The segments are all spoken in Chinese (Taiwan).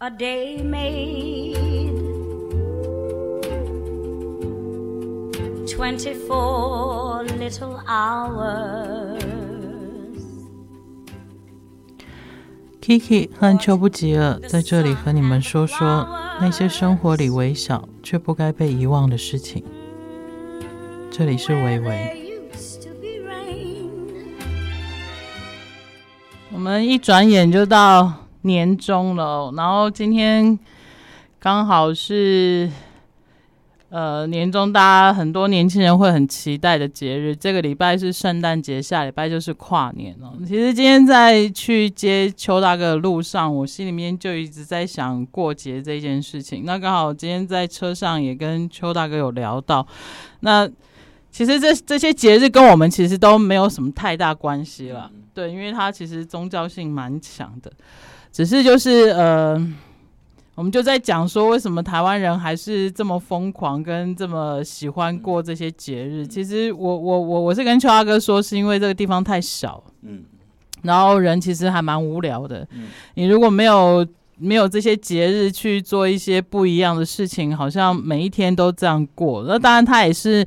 A day made, 24 little hours, Kiki 和邱不及了在這裡和你們說說那些生活裡微小卻不該被遺忘的事情。這裡是維維， 我們一轉眼就到。年終了哦，然後今天剛好是呃年終，大家很多年輕人會很期待的節日。這個禮拜是聖誕節，下禮拜就是跨年哦。其實今天在去接邱大哥的路上，我心裡面就一直在想過節這件事情。那剛好今天在車上也跟邱大哥有聊到，那其實這這些節日跟我們其實都沒有什麼太大關係了，嗯，對，因為它其實宗教性蠻強的。只是就是呃，我們就在講說，為什麼台灣人還是這麼瘋狂跟這麼喜歡過這些節日？嗯、其實我我我我是跟邱阿哥說，是因為這個地方太小，嗯，然後人其實還蠻無聊的，嗯、你如果沒有沒有這些節日去做一些不一樣的事情，好像每一天都這樣過。那當然，它也是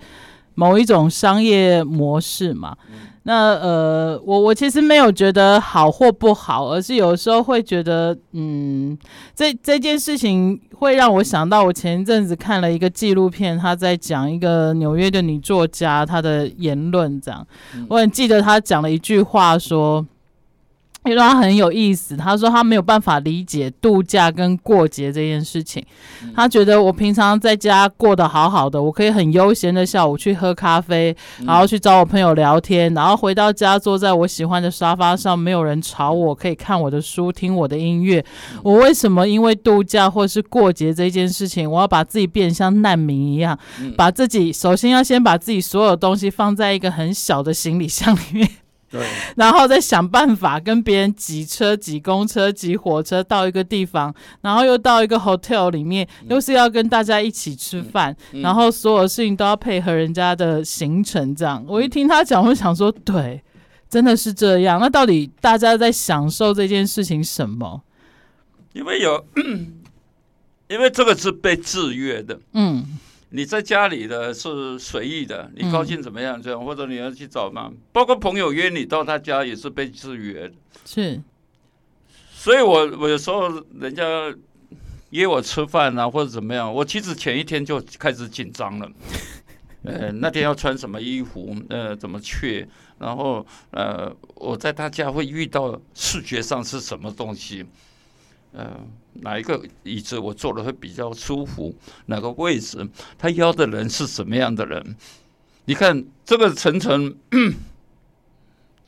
某一種商業模式嘛。嗯那呃，我我其實沒有覺得好或不好，而是有時候會覺得，嗯，這這件事情會讓我想到，我前一陣子看了一個紀錄片，他在講一個紐約的女作家她的言論，這樣，嗯，我很記得她講了一句話說。因為他很有意思，他說他沒有辦法理解度假跟過節這件事情。他覺得我平常在家過得好好的，我可以很悠閒的下午去喝咖啡，然後去找我朋友聊天，然後回到家坐在我喜歡的沙發上，沒有人吵我，可以看我的書，聽我的音樂。我為什麼因為度假或是過節這件事情，我要把自己變得像難民一樣，把自己首先要先把自己所有東西放在一個很小的行李箱裡面。對，然後再想辦法跟別人擠車、擠公車、擠火車到一個地方，然後又到一個 hotel 裡面，又是要跟大家一起吃飯，嗯嗯、然後所有事情都要配合人家的行程，這樣。我一聽他講，我想說，對，真的是這樣。那到底大家在享受這件事情什麼？因為有，因為這個是被制約的，嗯。你在家裡的是隨意的，你高興怎麼樣這樣？嗯，或者你要去找嘛？包括朋友約你到他家也是被制約。是，所以我我有時候人家約我吃飯啊，或者怎麼樣，我其實前一天就開始緊張了。 呃，那天要穿什麼衣服？呃，怎麼去？然後呃，我在他家會遇到視覺上是什麼東西？呃，哪一個椅子我坐的會比較舒服？哪個位置？他邀的人是什麼樣的人？你看這個層層，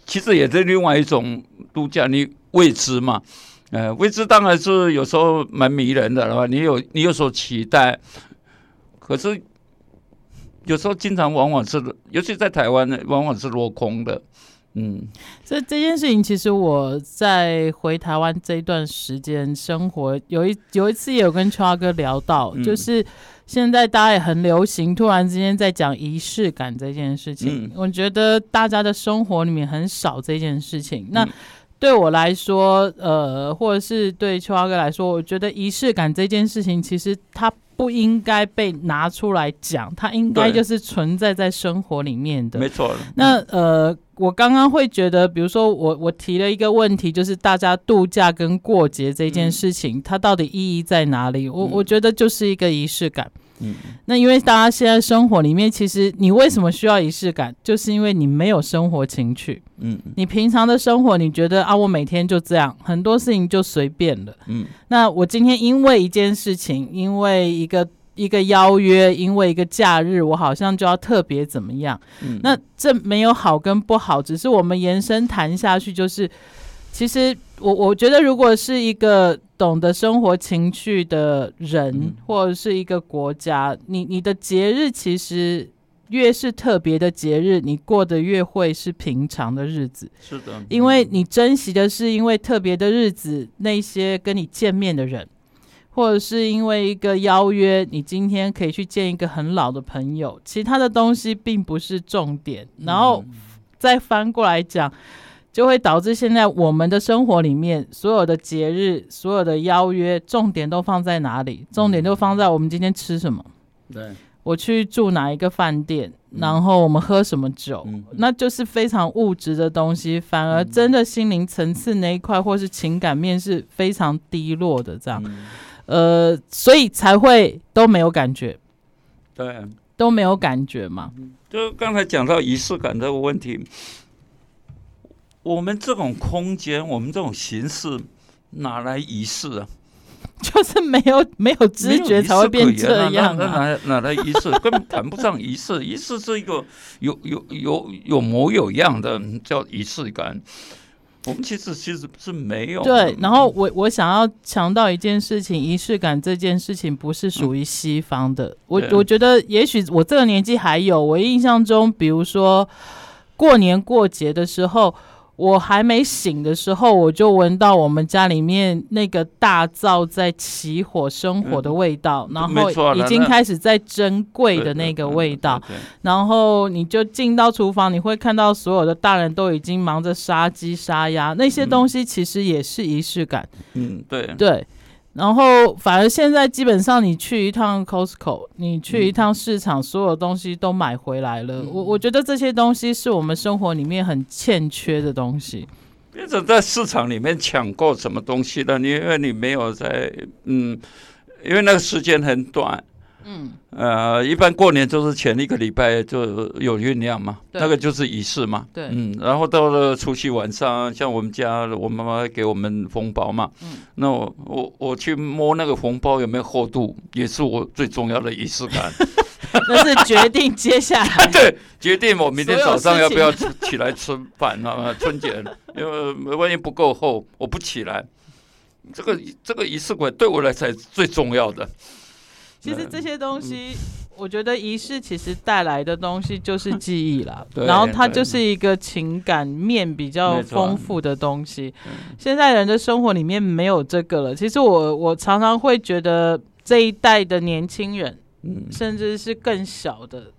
其實也是另外一種度假的未知嘛。呃，未知當然是有時候蠻迷人的，是吧？你有你有所期待，可是有時候經常往往是，尤其在台灣呢，往往是落空的。嗯，所以這件事情其實我在回台灣這一段時間生活，有一有一次也有跟邱華哥聊到，嗯、就是現在大家也很流行，突然之間在講儀式感這件事情。嗯、我覺得大家的生活裡面很少這件事情。嗯、那對我來說，呃，或者是對邱華哥來說，我覺得儀式感這件事情，其實它，不應該被拿出來講，它應該就是存在在生活裡面的。沒錯。對那、嗯、呃，我剛剛會覺得，比如說我我提了一個問題，就是大家度假跟過節這件事情，嗯、它到底意義在哪裡？我我覺得就是一個儀式感。嗯嗯嗯，那因為大家現在生活裡面，其實你為什麼需要儀式感，就是因為你沒有生活情趣。嗯，你平常的生活，你覺得啊，我每天就這樣，很多事情就隨便了。嗯，那我今天因為一件事情，因為一個一個邀約，因為一個假日，我好像就要特別怎麼樣。嗯，那這沒有好跟不好，只是我們延伸談下去，就是其實我我覺得，如果是一個。懂得生活情趣的人，嗯、或者是一個國家，你你的節日其實越是特別的節日，你過得越會是平常的日子。是的，因為你珍惜的是因為特別的日子，那些跟你見面的人，或者是因為一個邀約，你今天可以去見一個很老的朋友，其他的東西並不是重點。然後，嗯、再翻過來講。就會導致現在我們的生活裡面所有的節日、所有的邀約，重點都放在哪裡？重點就放在我們今天吃什麼？對，我去住哪一個飯店，嗯、然後我們喝什麼酒？嗯、那就是非常物質的東西，嗯、反而真的心靈層次那一塊或是情感面是非常低落的。這樣，嗯、呃，所以才會都沒有感覺，對，都沒有感覺嘛。就剛才講到儀式感這個問題。我們這種空間，我們這種形式，哪來儀式啊？就是沒有沒有知覺才會變這樣啊。意思啊、哪來哪來哪來儀式？根本談不上儀式。儀式是一個有有有有有模有樣的叫儀式感。我們其實其實是沒有。對，然後我我想要強調一件事情：儀式感這件事情不是屬於西方的。嗯、我我覺得也許我這個年紀還有。我印象中，比如說過年過節的時候，我還沒醒的時候，我就聞到我們家裡面那個大灶在起火生火的味道，嗯、然後已經開始在蒸粿的那個味道，嗯對對嗯、然後你就進到廚房，你會看到所有的大人都已經忙着殺雞殺鴨，那些東西其實也是儀式感。嗯，對對。對然後，反而現在基本上，你去一趟 Costco，你去一趟市場，嗯、所有東西都買回來了。我我覺得這些東西是我們生活裡面很欠缺的東西。別總在市場裡面搶購什麼東西了，因為你沒有在，嗯，因為那個時間很短。嗯，呃，一般過年就是前一個禮拜就有醞釀嘛，對那個就是儀式嘛。對，嗯，然後到了除夕晚上，像我們家，我媽媽給我們紅包嘛。嗯，那我我我去摸那個紅包有沒有厚度，也是我最重要的儀式感。 那是決定接下來。 對，決定我明天早上要不要起來吃飯啊？春節因為萬一不夠厚，我不起來。這個這個儀式感對我來才是最重要的。其實這些東西，我覺得儀式其實帶來的東西就是記憶啦，然後它就是一個情感面比較豐富的東西。現在人的生活裡面沒有這個了。其實我我常常會覺得這一代的年輕人，甚至是更小的，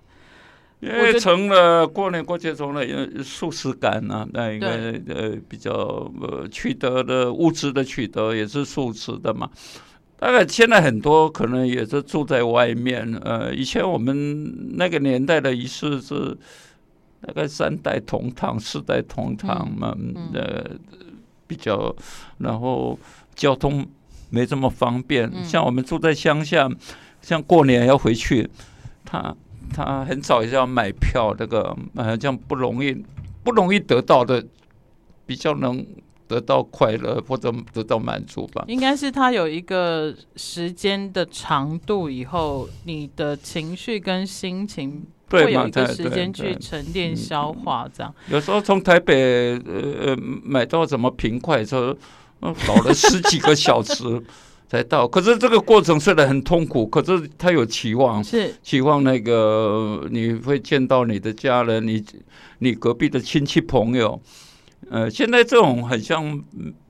因為成了過年過節成了有速食感啊。那應該呃比較呃取得的物質的取得也是速食的嘛。大概現在很多可能也是住在外面，呃，以前我們那個年代的儀式是大概三代同堂、四代同堂嘛，嗯嗯、呃，比較，然後交通沒這麼方便，嗯、像我們住在鄉下，像過年要回去，他他很早就要買票，那、這個呃，這樣不容易，不容易得到的，比較能。得到快樂或者得到滿足吧，應該是他有一個時間的長度以後，你的情緒跟心情會有一個時間去沉澱消化。這樣有時候從台北呃買到什麼平快車，嗯，搞了十幾個小時才到， 可是這個過程雖然很痛苦，可是他有期望，是期望那個你會見到你的家人，你你隔壁的親戚朋友。呃，現在這種很像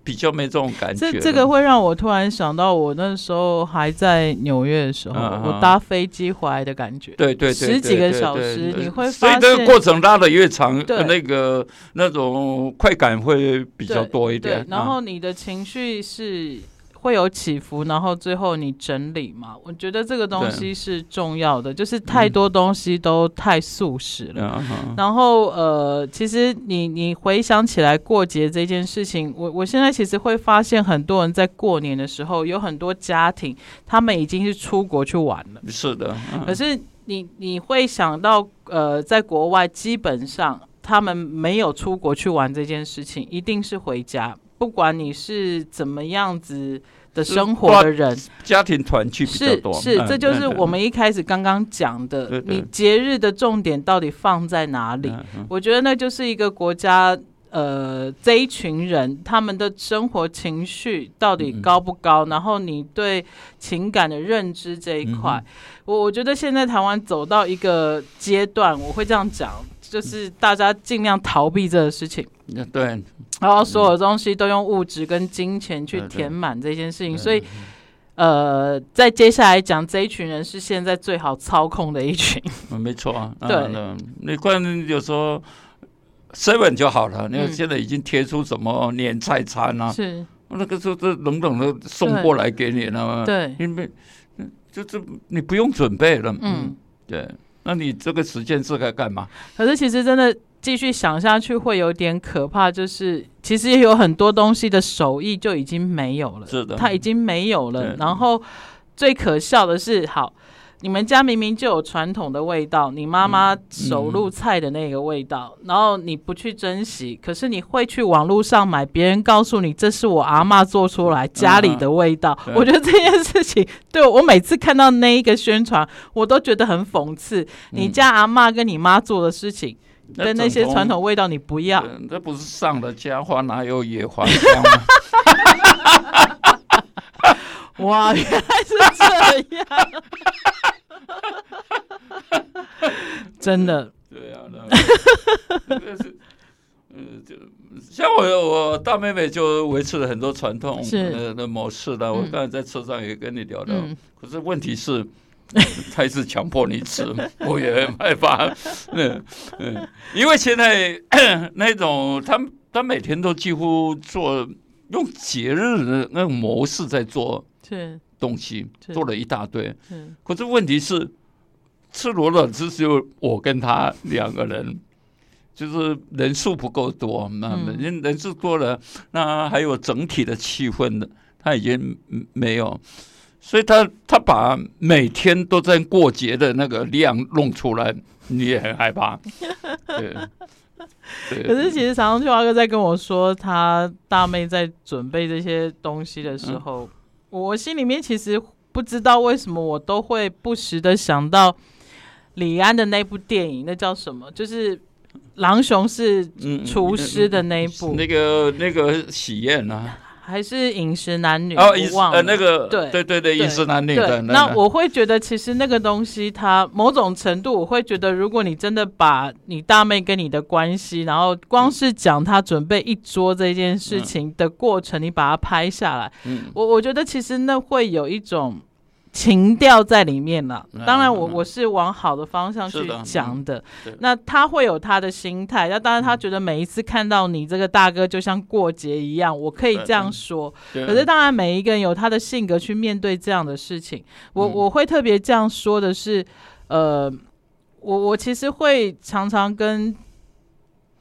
比較沒這種感覺，這這個會讓我突然想到，我那時候還在紐約的時候，嗯、哼我搭飛機回來的感覺，對對對，對，對，對對對，十幾個小時，你會發現。所以這個過程拉的越長，對那個那種快感會比較多一點，對對然後你的情緒是，會有起伏，然後最後你整理嘛？我覺得這個東西是重要的，對就是太多東西都太速食了。嗯、然後呃，其實你你回想起來過節這件事情，我我現在其實會發現很多人在過年的時候，有很多家庭他們已經是出國去玩了。是的，嗯、可是你你會想到呃，在國外基本上他們沒有出國去玩這件事情，一定是回家。不管你是怎麼樣子的生活的人，家庭團聚是是，是嗯、這就是我們一開始剛剛講的，嗯、你節日的重點到底放在哪裡？嗯、我覺得那就是一個國家，呃，這一群人他們的生活情趣到底高不高？嗯、然後你對情感的認知這一塊，我、嗯、我覺得現在台灣走到一個階段，我會這樣講，就是大家盡量逃避這個事情。那對，然後所有東西都用物質跟金錢去填滿這件事情，所以，呃，在接下來講這一群人是現在最好操控的一群，嗯、沒錯啊，對，啊、你關鍵就是說 seven 就好了，嗯、你現在已經貼出什麼年菜餐啊，是那個時候都冷冷的送過來給你了，對，因為就是你不用準備了，嗯，嗯，對。那你這個時間是該幹嘛？可是其實真的繼續想下去會有點可怕，就是其實也有很多東西的手藝就已經沒有了，是的，它已經沒有了。對然後最可笑的是，好。你們家明明就有傳統的味道，你媽媽手路菜的那個味道，嗯嗯、然後你不去珍惜，可是你會去網絡上買，別人告訴你這是我阿嬤做出來家裡的味道。嗯啊、我覺得這件事情，對，對我每次看到那一個宣傳，我都覺得很諷刺。你家阿嬤跟你媽做的事情，嗯、跟那些傳統味道，你不要、嗯。這不是上了家花，哪有野花香？ 哇，原來是這樣， 真的、 嗯。對啊，那個那個、是，呃、嗯，就像我我大妹妹就維持了很多傳統的是的、呃那個、模式的。我剛才在車上也跟你聊聊，嗯、可是問題是，她一直強迫你吃， 我也很害怕。嗯嗯，因為現在那種，她她每天都幾乎做，用節日的那種模式在做。是東西做了一大堆，是是可是問題是，赤裸裸，只是我跟他兩個人，就是人數不夠多，嗯、那人人數多了，那還有整體的氣氛的他已經沒有，所以他他把每天都在過節的那個量弄出來，你也很害怕。 對對，可是其實常常去華哥在跟我說，他大妹在準備這些東西的時候。嗯我心裡面其實不知道為什麼，我都會不時的想到李安的那部電影，那叫什麼？就是郎雄是廚師的那一部，嗯嗯嗯嗯，那個，那個那個喜宴啊。還是飲食男女？哦、oh,，我忘了、呃。那個對對對對，對飲食男女的。那我會覺得，其實那個東西，它某種程度，我會覺得，如果你真的把你大妹跟你的關係，然後光是講她準備一桌這件事情的過程，嗯、你把它拍下來，嗯、我我覺得其實那會有一種。情調在裡面了，當然我、嗯、我是往好的方向去講的。是的、嗯、對的，那他會有他的心態，那當然他覺得每一次看到你這個大哥就像過節一樣，嗯、我可以這樣說。嗯、可是當然每一個人有他的性格去面對這樣的事情，我我會特別這樣說的是，嗯、呃，我我其實會常常跟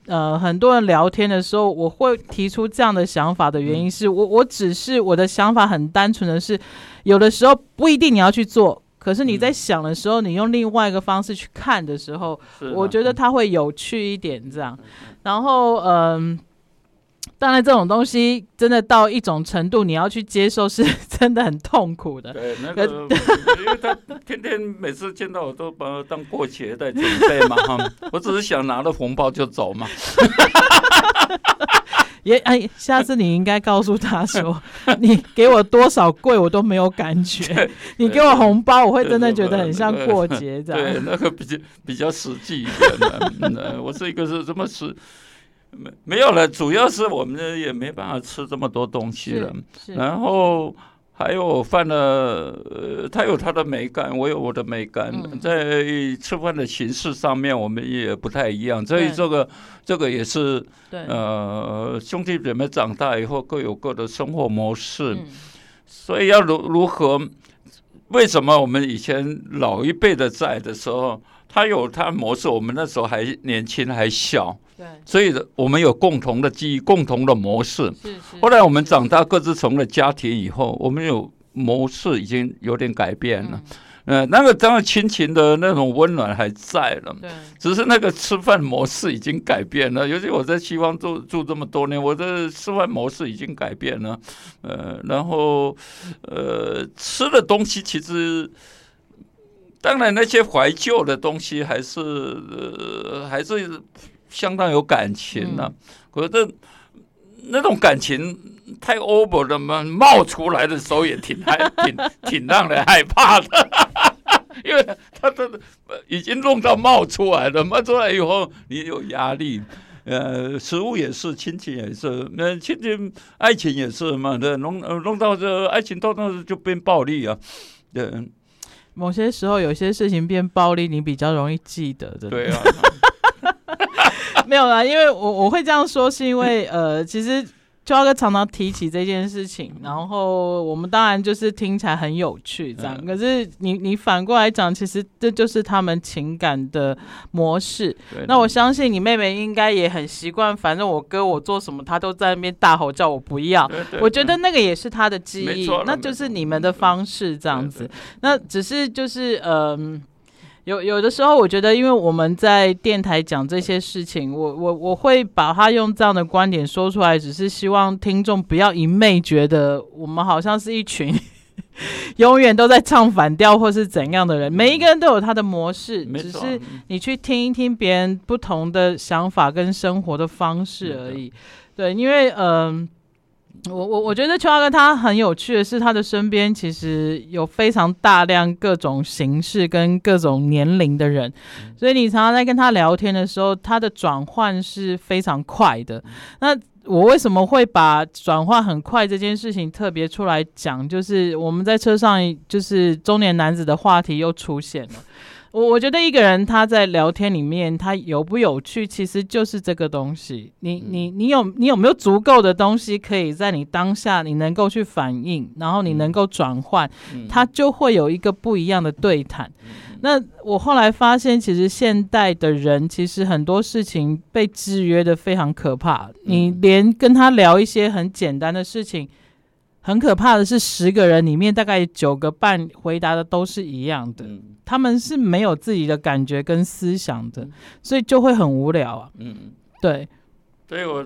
呃很多人聊天的時候，我會提出這樣的想法的原因是、嗯、我我只是我的想法很單純的是。有的時候不一定你要去做，可是你在想的時候，嗯、你用另外一個方式去看的時候，啊、我覺得它會有趣一點這樣。嗯嗯、然後嗯、呃，當然這種東西真的到一種程度，你要去接受是真的很痛苦的。對，那個，是 因為他天天每次見到我都把他當過節在準備嘛、 嗯、我只是想拿了紅包就走嘛。 也哎，下次你應該告訴他說， 你給我多少貴我都沒有感覺， 你給我紅包，我會真的覺得很像過節這樣。對，那個比較比較實際一點的、 嗯嗯。我這個是這麼吃？沒沒有了，主要是我們也沒辦法吃這麼多東西了。然後。還有，我犯了，呃，他有他的美感，我有我的美感，嗯、在吃飯的形式上面，我們也不太一樣。對所以這個，這個也是，對呃，兄弟姐妹長大以後各有各的生活模式，嗯、所以要如如何？為什麼我們以前老一輩的在的時候？他有他的模式，我們那時候還年輕還小，所以我們有共同的記憶，共同的模式。後來我們長大各自成了家庭以後，我們有模式已經有點改變了。呃，那個當親情的那種溫暖還在了，只是那個吃飯模式已經改變了。尤其我在西方住住這麼多年，我的吃飯模式已經改變了。呃，然後，呃，吃的東西其實。當然，那些懷舊的東西還是、呃、還是相當有感情的、啊嗯、可是那，那種感情太 over 了嘛，冒出來的時候也挺害，挺挺讓人害怕的。 因為他這已經弄到冒出來了，冒出來以後你有壓力。呃，食物也是，親情也是，那親情愛情也是嘛，對，弄、呃、弄到這愛情到那就變暴力啊，對、呃。某些時候，有些事情變暴力，你比較容易記得的。對啊，沒有啦，因為我我會這樣說，是因為呃，其實。就嬌哥常常提起這件事情，然後我們當然就是聽起來很有趣這樣。嗯、可是你你反過來講，其實這就是他們情感的模式。對對，那我相信你妹妹應該也很習慣，反正我哥我做什麼，他都在那邊大吼叫我不要。對對對，我覺得那個也是他的記憶，嗯、沒錯啊，那就是你們的方式這樣子。對對對，那只是就是嗯，呃有有的時候，我覺得，因為我們在電台講這些事情，我我我會把它用這樣的觀點說出來，只是希望聽眾不要一昧覺得我們好像是一群 永遠都在唱反調或是怎樣的人。每一個人都有他的模式，沒錯，只是你去聽一聽別人不同的想法跟生活的方式而已。沒錯。對，因為嗯。呃我我我覺得邱阿哥他很有趣的是，他的身邊其實有非常大量各種形式跟各種年齡的人，嗯、所以你常常在跟他聊天的時候，他的轉換是非常快的。那我為什麼會把轉換很快這件事情特別出來講？就是我們在車上，就是中年男子的話題又出現了。 我我覺得一個人他在聊天裡面，他有不有趣，其實就是這個東西。你你你有你有沒有足夠的東西，可以在你當下你能夠去反應，然後你能夠轉換，嗯、他就會有一個不一樣的對談。嗯、那我後來發現，其實現代的人其實很多事情被制約得非常可怕，你連跟他聊一些很簡單的事情。很可怕的是，十個人裡面大概九個半回答的都是一樣的，嗯、他們是沒有自己的感覺跟思想的，所以就會很無聊啊。嗯，對，所以我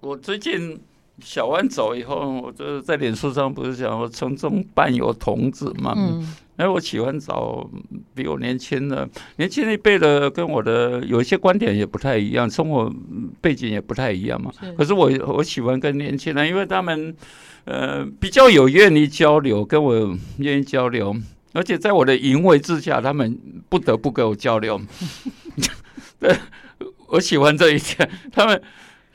我最近小萬走以後，我就是在臉書上不是講我從中伴遊童子嘛。嗯哎、啊，我喜歡找比我年輕的、年輕一輩的，跟我的有一些觀點也不太一樣，生活背景也不太一樣嘛。是可是我我喜歡跟年輕人，因為他們呃比較有願意交流，跟我願意交流，而且在我的淫威之下，他們不得不跟我交流。 對，我喜歡這一點，他們。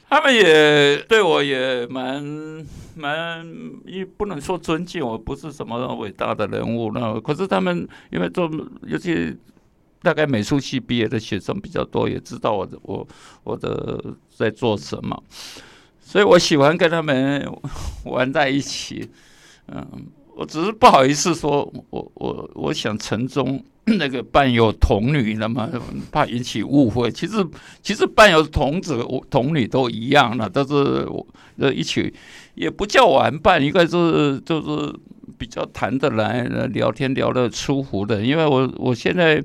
他們也對我也蠻蠻，也不能說尊敬，我不是什麼偉大的人物呢。可是他們因為做，尤其大概美術系畢業的學生比較多，也知道我的我我的在做什麼，所以我喜歡跟他們玩在一起。嗯，我只是不好意思說，我我我想沉重那個伴遊童女，那麼怕引起誤會。其實其實伴遊童子童女都一樣了，但是我一起也不叫玩伴，應該、就是就是比較談得來，聊天聊得舒服的。因為我我現在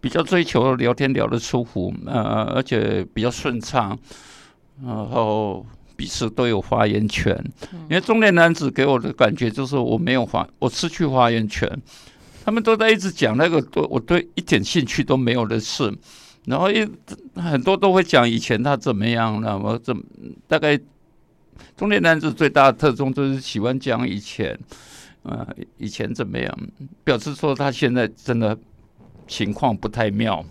比較追求聊天聊得舒服，呃，而且比較順暢，然後彼此都有發言權。嗯、因為中年男子給我的感覺就是我沒有發，我失去發言權。他們都在一直講那個，都我對一點興趣都沒有的事，然後一，很多都會講以前他怎麼樣，那麼怎大概中年男子最大的特徵就是喜歡講以前，啊、呃，以前怎麼樣，表示說他現在真的情況不太妙。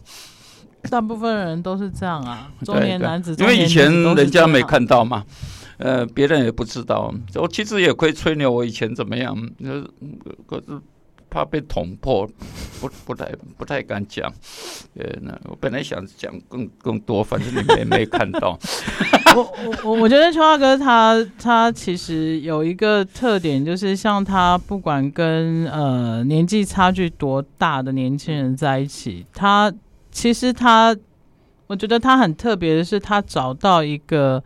大部分人都是這樣啊，中年男子，中年男子因為以前人家沒看到嘛，呃，別人也不知道，我其實也可以吹牛，我以前怎麼樣，可是。怕被捅破，不，不太不太敢講。呃，那我本來想講更更多，反正你們沒看到。 我我我覺得邱大哥他他其實有一個特點，就是像他不管跟呃年紀差距多大的年輕人在一起，他其實他我覺得他很特別的是，他找到一個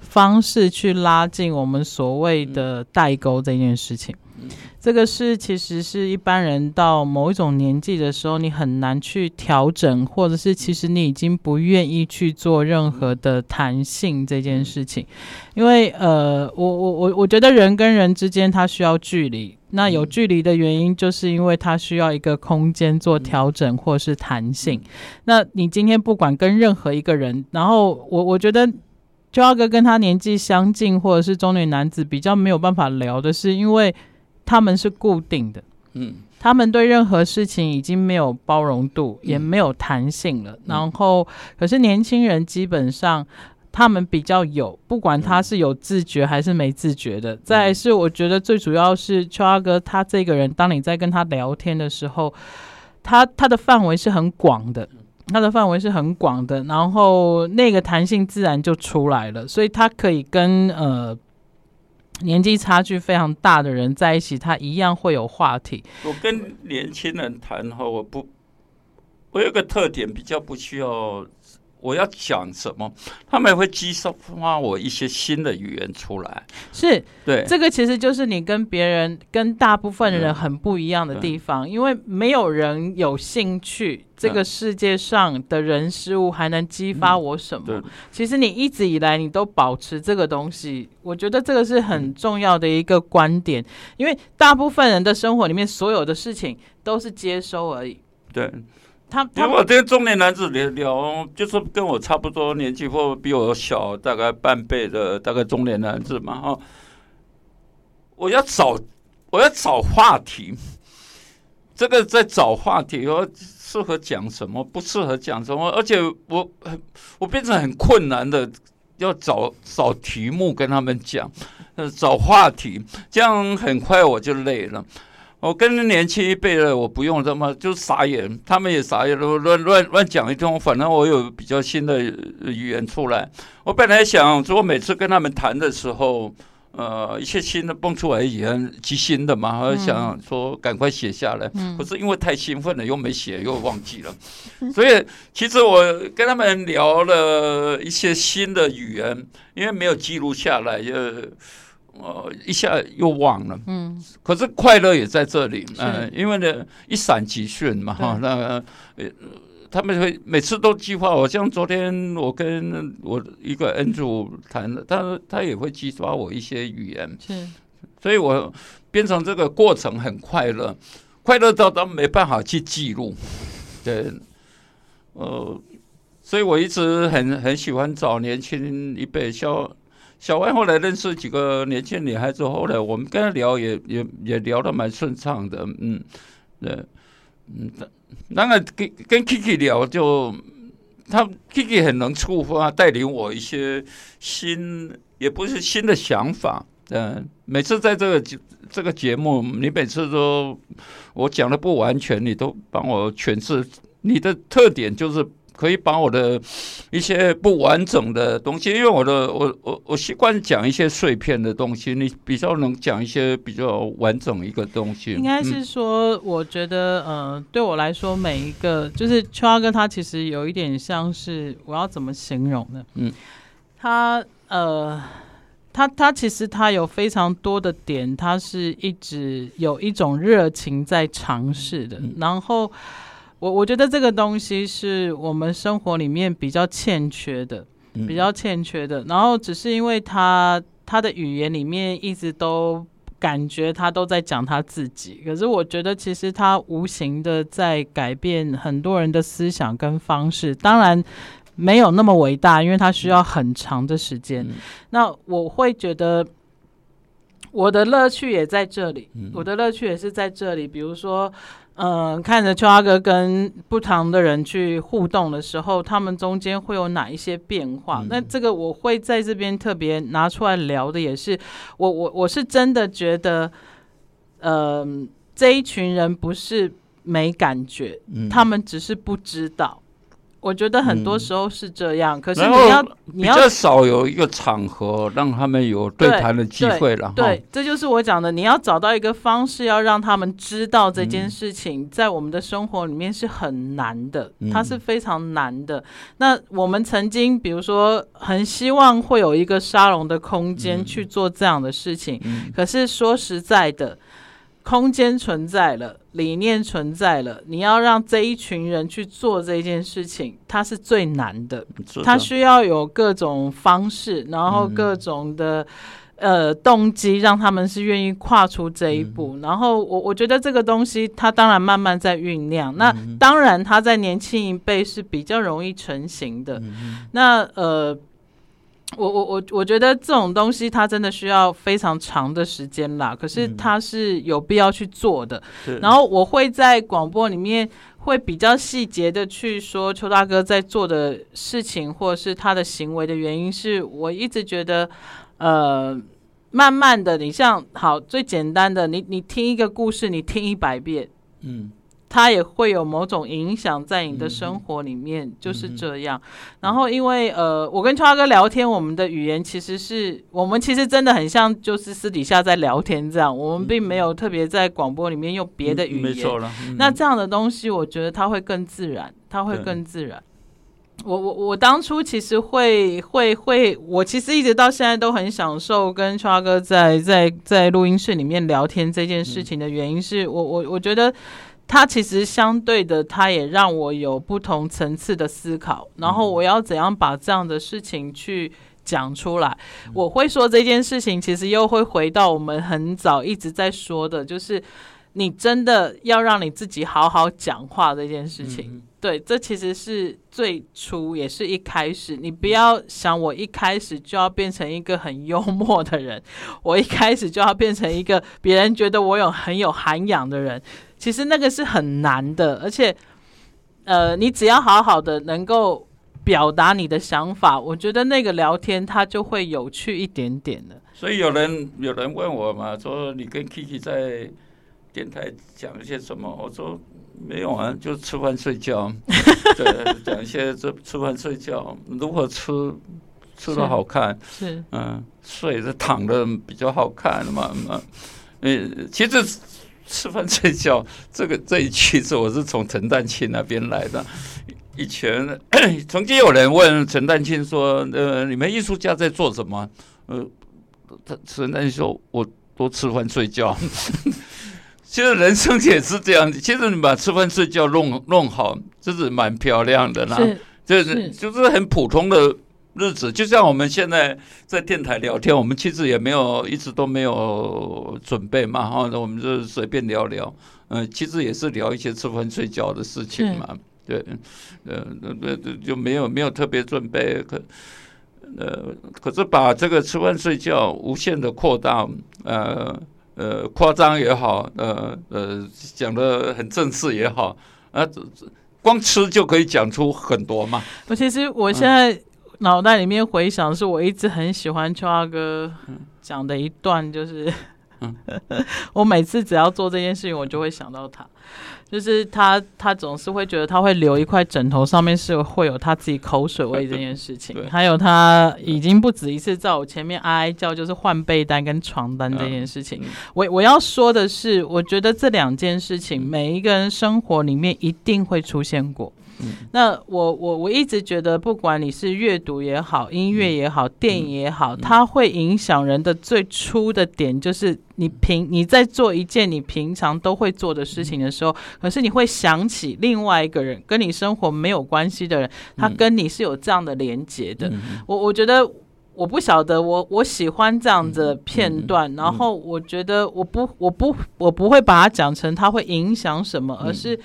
方式去拉近我們所謂的代溝這件事情。嗯嗯這個是其實是一般人到某一種年紀的時候，你很難去調整，或者是其實你已經不願意去做任何的彈性這件事情。因為呃，我我我我覺得人跟人之間他需要距離，那有距離的原因就是因為他需要一個空間做調整或是彈性。那你今天不管跟任何一個人，然後我我覺得 Jo 哥跟他年紀相近或者是中年男子比較沒有辦法聊的是因為。他們是固定的，嗯，他們對任何事情已經沒有包容度，嗯、也沒有彈性了。嗯、然後，可是年輕人基本上，他們比較有，不管他是有自覺還是沒自覺的。嗯、再是，我覺得最主要是邱、嗯、阿哥他這個人，當你在跟他聊天的時候，他他的範圍是很廣的，嗯、他的範圍是很廣的，然後那個彈性自然就出來了，所以他可以跟呃。年紀差距非常大的人在一起，他一樣會有話題。我跟年輕人談話，我不，我有個特點，比較不需要。我要講什麼，他們會激發我一些新的語言出來。是，對，這個其實就是你跟別人、跟大部分人很不一樣的地方，對因為沒有人有興趣，對這個世界上的人事物還能激發我什麼？對其實你一直以來你都保持這個東西，我覺得這個是很重要的一個觀點，對因為大部分人的生活裡面，所有的事情都是接收而已。對。跟我跟中年男子聊，就是跟我差不多年紀或比我小大概半輩的大概中年男子嘛哈、哦，我要找我要找話題，這個在找話題，我適合講什麼不適合講什麼，而且我我變成很困難的要找找題目跟他們講，呃，找話題，這樣很快我就累了。我跟年輕一輩的，我不用什麼，就傻眼，他們也傻眼，我亂亂亂講一通，反正我有比較新的語言出來。我本來想說，每次跟他們談的時候，呃，一些新的蹦出來語言，即興的嘛，我想說趕快寫下來，嗯、可是因為太興奮了，又沒寫，又忘記了。所以其實我跟他們聊了一些新的語言，因為沒有記錄下來、呃呃、哦，一下又忘了。嗯，可是快樂也在這裡。嗯是、呃，因為呢，一閃即逝嘛。哈對、哦，那、呃、他們會每次都激發我。像昨天我跟我一個恩主談，他他也會激發我一些語言。是，所以我變成這個過程很快樂，快樂到都沒辦法去記錄。對，呃，所以我一直很很喜歡找年輕一輩教。小外後來認識幾個年輕女孩子，後來我們跟她聊也也也聊得蠻順暢的，嗯，對，嗯，那那個跟跟 Kiki 聊就，就他 Kiki 很能觸發帶領我一些新，也不是新的想法，嗯，每次在這個這個節目，你每次都我講的不完全，你都幫我詮釋，你的特點就是。可以把我的一些不完整的東西，因為我的我我我習慣講一些碎片的東西，你比較能講一些比較完整一個東西。應該是說，我覺得、嗯、呃，對我來說，每一個就是邱阿哥他其實有一點像是我要怎麼形容呢？嗯，他呃，他他其實他有非常多的點，他是一直有一種熱情在嘗試的，嗯、然後。我我覺得這個東西是我們生活裡面比較欠缺的，嗯、比較欠缺的。然後只是因為他他的語言裡面一直都感覺他都在講他自己，可是我覺得其實他無形的在改變很多人的思想跟方式。當然沒有那麼偉大，因為他需要很長的時間。嗯、那我會覺得我的樂趣也在這裡，嗯、我的樂趣也是在這裡。比如說。嗯、呃，看着邱阿哥跟不同的人去互動的時候，他們中間會有哪一些變化？嗯、那這個我會在這邊特別拿出來聊的，也是我我我是真的覺得，呃，這一群人不是沒感覺，嗯、他們只是不知道。我覺得很多時候是這樣，嗯、可是你要後你要至少有一個場合讓他們有對談的機會了對後。對，這就是我講的，你要找到一個方式，要讓他們知道這件事情、嗯、在我們的生活裡面是很難的，它是非常難的。嗯、那我們曾經比如說很希望會有一個沙龍的空間去做這樣的事情，嗯嗯、可是說實在的。空間存在了，理念存在了，你要讓這一群人去做這件事情，它是最難的。的它需要有各種方式，然後各種的嗯嗯呃動機，讓他們是願意跨出這一步。嗯、然後我我覺得這個東西，它當然慢慢在醞釀。嗯嗯那當然，它在年輕一輩是比較容易成型的。嗯嗯那呃。我我我我覺得這種東西，它真的需要非常長的時間啦，可是它是有必要去做的。嗯、然後我會在廣播裡面會比較細節的去說邱大哥在做的事情，或者是他的行為的原因是，我一直覺得，呃，慢慢的，你像好最簡單的你，你你聽一個故事，你聽一百遍，嗯。他也會有某種影響在你的生活裡面，嗯、就是這樣。嗯、然後因為呃，我跟邱哥聊天，我們的語言其實是我們其實真的很像，就是私底下在聊天這樣。我們並沒有特別在廣播裡面用別的語言，嗯、沒錯。嗯、那這樣的東西，我覺得它會更自然，它會更自然。對我我我當初其實會會會，我其實一直到現在都很享受跟邱哥在在在，在錄音室裡面聊天這件事情的原因是，是、嗯、我我我覺得。它其實相對的，它也讓我有不同層次的思考。然後我要怎樣把這樣的事情去講出來？嗯、我會說這件事情，其實又會回到我們很早一直在說的，就是你真的要讓你自己好好講話這件事情。嗯對，這其實是最初，也是一開始。你不要想我一開始就要變成一個很幽默的人，我一開始就要變成一個別人覺得我有很有涵養的人。其實那個是很難的，而且，呃，你只要好好的能夠表達你的想法，我覺得那個聊天它就會有趣一點點的。所以有人有人問我嘛，說你跟 Kiki 在電台講一些什麼？我說。沒有啊，就吃飯睡覺。對 講一些這吃飯睡覺，如何吃，吃得好看是，嗯、呃、睡着躺着比較好看嘛，嘛，呃、嗯、其實吃飯睡覺這個這一期是我，是從陳丹青那邊來的。以前曾經有人問陳丹青說：“呃，你們藝術家在做什麼？”呃，陳丹青說：“我多吃飯睡覺。 ”其實人生也是這樣子。其實你把吃飯睡覺弄弄好，這是蠻漂亮的啦。是，就是就是很普通的日子，就像我們現在在電台聊天，我們其實也沒有一直都沒有準備嘛，哈，我們就隨便聊聊。嗯、呃，其實也是聊一些吃飯睡覺的事情嘛。是對，呃，對對對，就沒有沒有特別準備。可呃，可是把這個吃飯睡覺無限的擴大，呃。呃，誇張也好，呃呃，講得很正式也好，呃、光吃就可以講出很多嘛。其實我現在腦袋裡面回想，是我一直很喜歡邱大哥講的一段，就是 我每次只要做這件事情，我就會想到他。就是他，他總是會覺得他會留一塊枕頭上面是會有他自己口水味這件事情， 對 還有他已經不止一次在我前面哀哀叫，就是換被單跟床單這件事情。啊嗯、我我要說的是，我覺得這兩件事情，每一個人生活裡面一定會出現過。嗯、那我我我一直覺得，不管你是閱讀也好，音樂也好，嗯、電影也好，嗯嗯、它會影響人的最初的點，就是你平你在做一件你平常都會做的事情的時候，嗯、可是你會想起另外一個人，跟你生活沒有關係的人，嗯、他跟你是有這樣的連接的。嗯嗯、我我覺得我不曉得我，我我喜歡這樣的片段，嗯嗯嗯、然後我覺得我不我不我不會把它講成它會影響什麼，嗯、而是。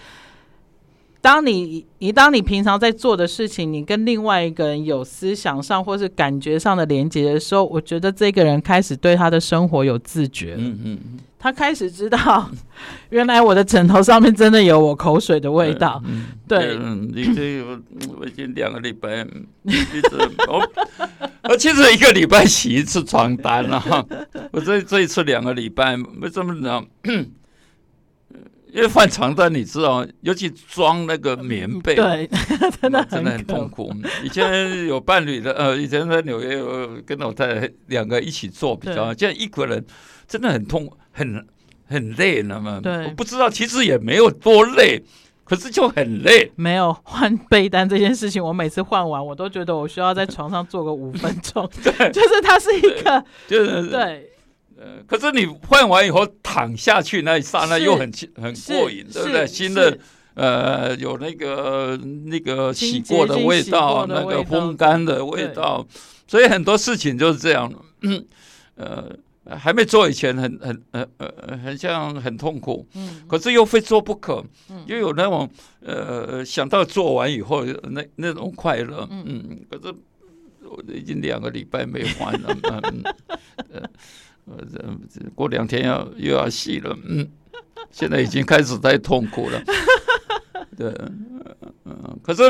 當你，你當你平常在做的事情，你跟另外一個人有思想上或是感覺上的連接的時候，我覺得這個人開始對他的生活有自覺嗯。嗯嗯，他開始知道，原來我的枕頭上面真的有我口水的味道。對、嗯，嗯，已經有我已經兩個禮拜，其實 我，我其實一個禮拜洗一次床單了，啊、我這這一次兩個禮拜為什麼呢？因為換床單，你知道嗎，尤其裝那個棉被，啊，對，真的很，嗯，真的很痛苦。以前有伴侶的，呃，以前在紐約跟老太太兩個一起做比較好，這樣對一個人真的很痛，很很累，那麼對，我不知道其實也沒有多累，可是就很累。沒有換被單這件事情，我每次換完，我都覺得我需要在床上坐個五分鐘， 對就是它是一個，就是對。可是你換完以後，躺下去那一剎那又很是很過癮，對不對？新的呃，有那個那個洗過的味道，那個烘乾的味道，味道對所以很多事情就是這樣。嗯呃、還沒做以前很很、呃、很像很痛苦。嗯、可是又非做不可，又有那種呃想到做完以後那那種快樂。嗯，嗯可是我已經兩個禮拜沒換了、 嗯呃呃，這過兩天要又要寫了，嗯，現在已經開始太痛苦了， 對，嗯，可是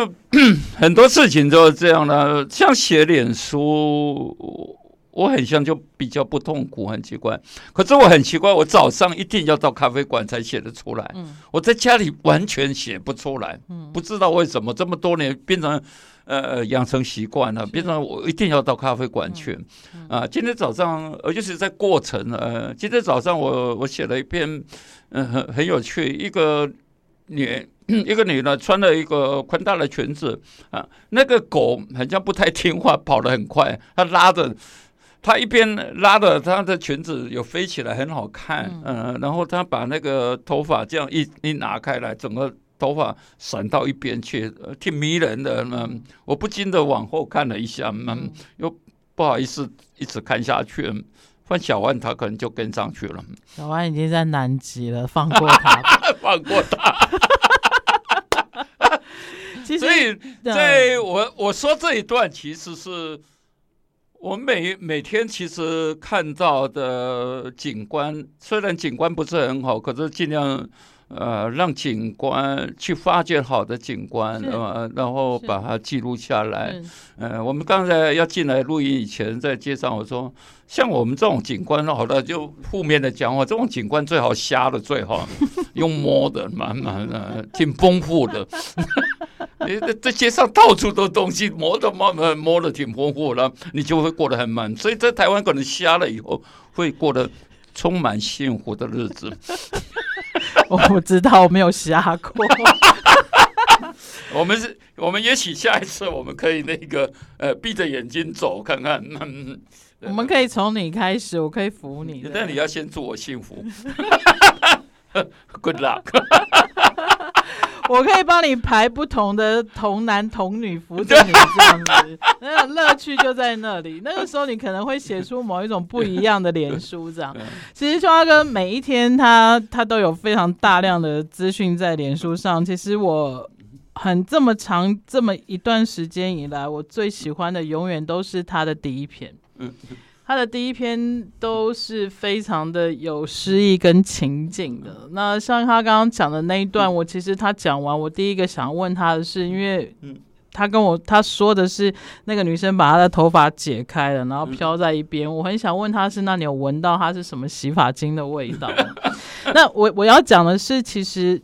很多事情都是這樣的，像寫臉書我，我很像就比較不痛苦，很奇怪。可是我很奇怪，我早上一定要到咖啡館才寫得出來，嗯，我在家裡完全寫不出來，不知道為什麼這麼多年變成。呃，養成習慣了，比如說我一定要到咖啡館去。嗯嗯、啊，今天早上我就是在過程。呃，今天早上我我寫了一篇，嗯、呃，很很有趣。一個女，一個女的，穿了一個寬大的裙子。啊，那個狗好像不太聽話，跑得很快。她拉着，她一邊拉着她的裙子，又飛起來，很好看。嗯、呃，然後她把那個頭髮這樣一一拿開來，整個。頭髮閃到一邊去，挺迷人的呢、嗯。我不禁的往後看了一下，嗯，嗯又不好意思一直看下去。換小萬，他可能就跟上去了。小萬已經在南極了，放過他， 放過他。所以，在我我說這一段，其實是我每每天其實看到的景觀，雖然景觀不是很好，可是盡量。呃，讓景觀去發掘好的景觀，是呃，然後把它記錄下來。呃，我們剛才要進來錄音以前，在街上我說，像我們這種景觀好了就負面的講話，這種景觀最好瞎了，最好 用摸的，滿滿的，挺豐富的。 你在這街上到處都東西摸得滿滿摸的挺豐富的，啊，你就會過得很慢。所以在台灣可能瞎了以後，會過得充滿幸福的日子。 我不知道，我沒有瞎過。我們是我們，也許下一次我們可以那個呃，閉着眼睛走看看。嗯，我們可以從你開始，我可以扶你。但你要先祝我幸福。 Good luck。 我可以幫你排不同的童男童女扶着你這樣子， 那樂趣就在那裡。那個時候你可能會寫出某一種不一樣的臉書這樣。 其實春花哥每一天他他都有非常大量的資訊在臉書上。其實我很這麼長這麼一段時間以來，我最喜歡的永遠都是他的第一篇。 他的第一篇都是非常的有詩意跟情景的。那像他剛剛講的那一段，我其實他講完，我第一個想要問他的是，因為他跟我他說的是那個女生把她的頭髮解開了，然後飄在一邊，我很想問他是那你有聞到他是什麼洗髮精的味道？ 那我我要講的是，其實。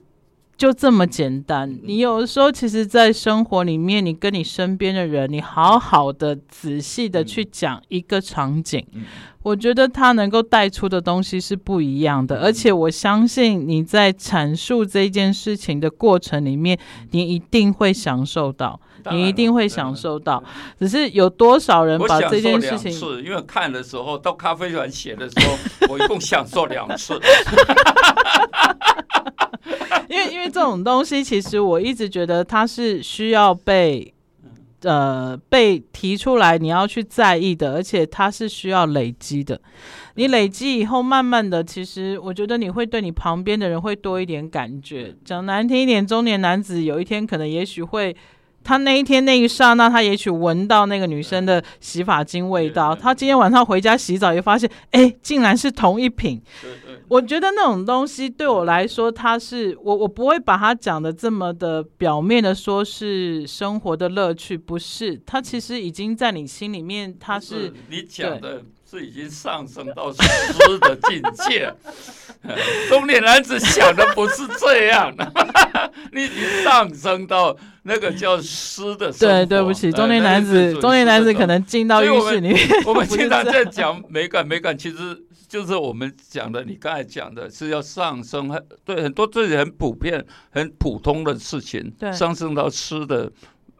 就這麼簡單。你有的時候，其實，在生活裡面，你跟你身邊的人，你好好的、仔細的去講一個場景，我覺得他能夠帶出的東西是不一樣的。而且，我相信你在闡述這件事情的過程裡面，你一定會享受到，你一定會享受到。只是有多少人把這件事情，是因為看的時候到咖啡館寫的時候，我一共享受兩次。 因為因為這種東西，其實我一直覺得它是需要被，呃，被提出來，你要去在意的，而且它是需要累積的。你累積以後，慢慢的，其實我覺得你會對你旁邊的人會多一點感覺。講難聽一點，中年男子有一天可能也許會。他那一天那一剎那，他也許聞到那個女生的洗髮精味道。嗯、對對對。他今天晚上回家洗澡，又發現，哎，竟然是同一瓶。對對。我覺得那種東西對我來說，他是我我不會把它講得這麼的表面的，說是生活的樂趣，不是。他其實已經在你心裡面，他是你講的。是已經上升到詩的境界。 中年男子想的不是這樣的， 你已經上升到那個叫詩的。對，對不起，中年男子，中年男子可能進到浴室裡。我們經常在講美 感，美感其實就是我們講的，你剛才講的是要上升，對，很多自己很普遍、很普通的事情，對上升到詩的。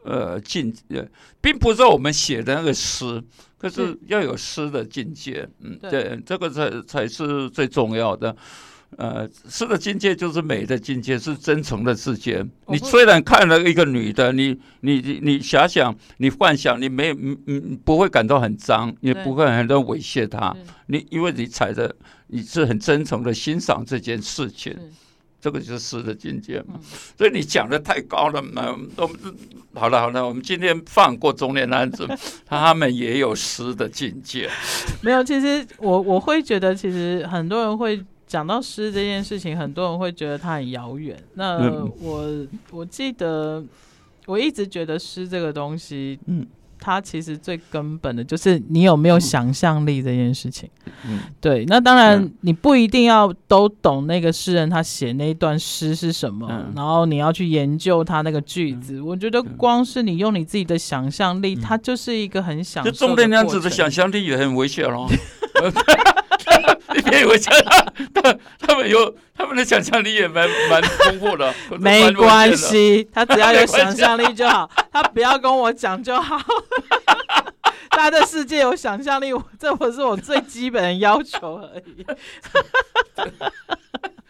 呃，境界，並不是我們寫的那個詩，可是要有詩的境界，是嗯，對，這個才才是最重要的。呃，詩的境界就是美的境界，是真誠的世界。你雖然看了一個女的，你你你你遐想，想，你幻想你、嗯，你沒嗯嗯不會感到很髒，你對不會很多猥褻她，是你因為你踩着，你是很真誠的欣賞這件事情。這個就是詩的境界嘛，嗯、所以你講得太高了嘛。我們都好了好了，我們今天放過中年男子， 他他們也有詩的境界。沒有，其實我我會覺得，其實很多人會講到詩這件事情，很多人會覺得它很遙遠。那我、嗯、我記得，我一直覺得詩這個東西，嗯。他其實最根本的就是你有沒有想象力這件事情。嗯、對。那當然，你不一定要都懂那個詩人他寫那一段詩是什麼，嗯、然後你要去研究他那個句子。嗯、我覺得光是你用你自己的想象力，他、嗯、就是一個很享受。就中年男子的想象力也很危險哦。哈哈，你 別以為他，他們有他們的想象力也蠻蠻豐富的。 沒關係，他只要有想象力就好，他不要跟我講就好。他的世界有想象力，這不是我最基本的要求而已。